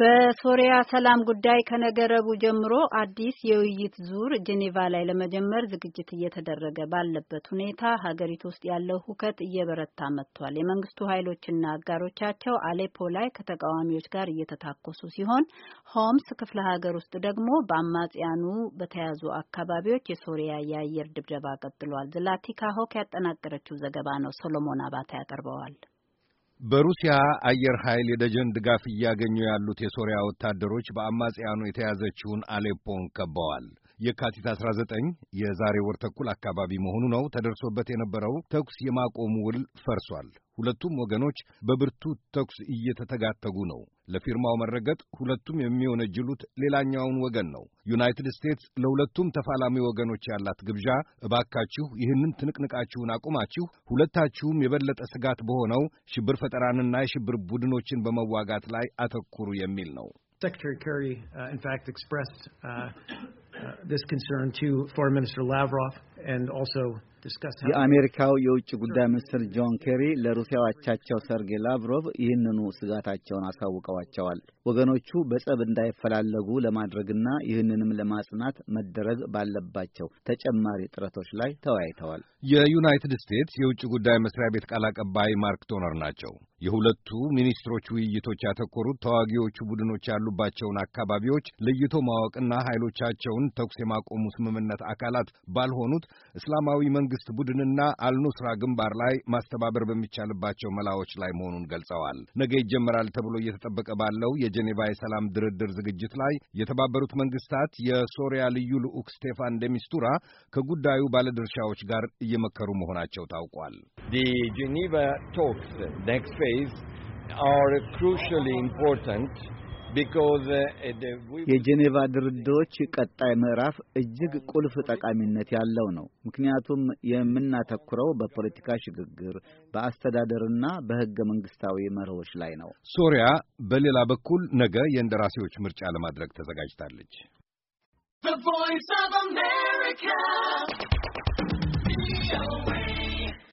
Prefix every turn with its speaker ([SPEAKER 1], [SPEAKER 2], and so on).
[SPEAKER 1] በሶሪያ ሰላም ጉዳይ ከነገረቡ ጀምሮ አዲስ የውይይት ዙር ጄኔቫ ላይ ለመጀመር ዝግጅት እየተደረገ ባለበት ሁኔታ ሀገሪቱ ውስጥ ያለው ሁከት እየበረታ መጥቷል። የመንግስቱ ኃይሎችና አጋሮቻቸው አሌፖ ላይ ከተቃዋሚዎች ጋር እየተታኮሱ ሲሆን፣ ሆምስ ክፍለ ሀገር ውስጥ ደግሞ በአማጽያኑ በተያዙ አካባቢዎች የሶሪያ የአየር ድብደባ ቀጥሏል። ዝላቲካ ሆክ ያጠናቀረችው ዘገባ ነው። ሶሎሞን አባታ ያቀርበዋል።
[SPEAKER 2] በሩሲያ አየር ኃይል የደጀን ድጋፍ እያገኙ ያሉት የሶሪያ ወታደሮች በአማጽያኑ የተያዘችውን አሌፖን ከበዋል። የካቲት 19 የዛሬ ወር ተኩል አካባቢ መሆኑ ነው ተደርሶበት የነበረው ተኩስ የማቆም ውል ፈርሷል። ሁለቱም ወገኖች በብርቱ ተኩስ እየተተጋተጉ ነው። ለፊርማው መረገጥ ሁለቱም የሚወነጅሉት ሌላኛውን ወገን ነው። ዩናይትድ ስቴትስ ለሁለቱም ተፋላሚ ወገኖች ያላት ግብዣ እባካችሁ ይህንን ትንቅንቃችሁን አቁማችሁ ሁለታችሁም የበለጠ ስጋት በሆነው ሽብር ፈጠራንና የሽብር ቡድኖችን በመዋጋት ላይ አተኩሩ የሚል ነው። Secretary Kerry, uh, in fact, expressed uh, uh, this concern to Foreign Minister Lavrov and also
[SPEAKER 3] የአሜሪካው የውጭ ጉዳይ ሚኒስትር ጆን ኬሪ ለሩሲያ አቻቸው ሰርጌይ ላቭሮቭ ይህንኑ ስጋታቸውን አሳውቀዋቸዋል። ወገኖቹ በጸብ እንዳይፈላለጉ ለማድረግና ይህንንም ለማጽናት መደረግ ባለባቸው ተጨማሪ ጥረቶች ላይ ተወያይተዋል።
[SPEAKER 2] የዩናይትድ ስቴትስ የውጭ ጉዳይ መስሪያ ቤት ቃል አቀባይ ማርክ ቶነር ናቸው። የሁለቱ ሚኒስትሮች ውይይቶች ያተኮሩት ተዋጊዎቹ ቡድኖች ያሉባቸውን አካባቢዎች ለይቶ ማወቅና ኃይሎቻቸውን ተኩስ የማቆሙ ስምምነት አካላት ባልሆኑት እስላማዊ የመንግሥት ቡድንና አልኑስራ ግንባር ላይ ማስተባበር በሚቻልባቸው መላዎች ላይ መሆኑን ገልጸዋል። ነገ ይጀመራል ተብሎ እየተጠበቀ ባለው የጄኔቫ የሰላም ድርድር ዝግጅት ላይ የተባበሩት መንግስታት የሶሪያ ልዩ ልዑክ ስቴፋን ደሚስቱራ ከጉዳዩ ባለድርሻዎች ጋር እየመከሩ መሆናቸው ታውቋል። ጄኔቫ ቶክስ ኔክስት ፌዝ አር ክሩሻሊ
[SPEAKER 3] ኢምፖርታንት
[SPEAKER 2] Uh, uh, የጄኔቫ
[SPEAKER 3] ድርድሮች ቀጣይ ምዕራፍ እጅግ ቁልፍ ጠቃሚነት ያለው ነው። ምክንያቱም የምናተኩረው በፖለቲካ ሽግግር፣ በአስተዳደርና በሕገ መንግሥታዊ መርሆች ላይ ነው።
[SPEAKER 2] ሶሪያ በሌላ በኩል ነገ የእንደራሴዎች ምርጫ ለማድረግ ተዘጋጅታለች።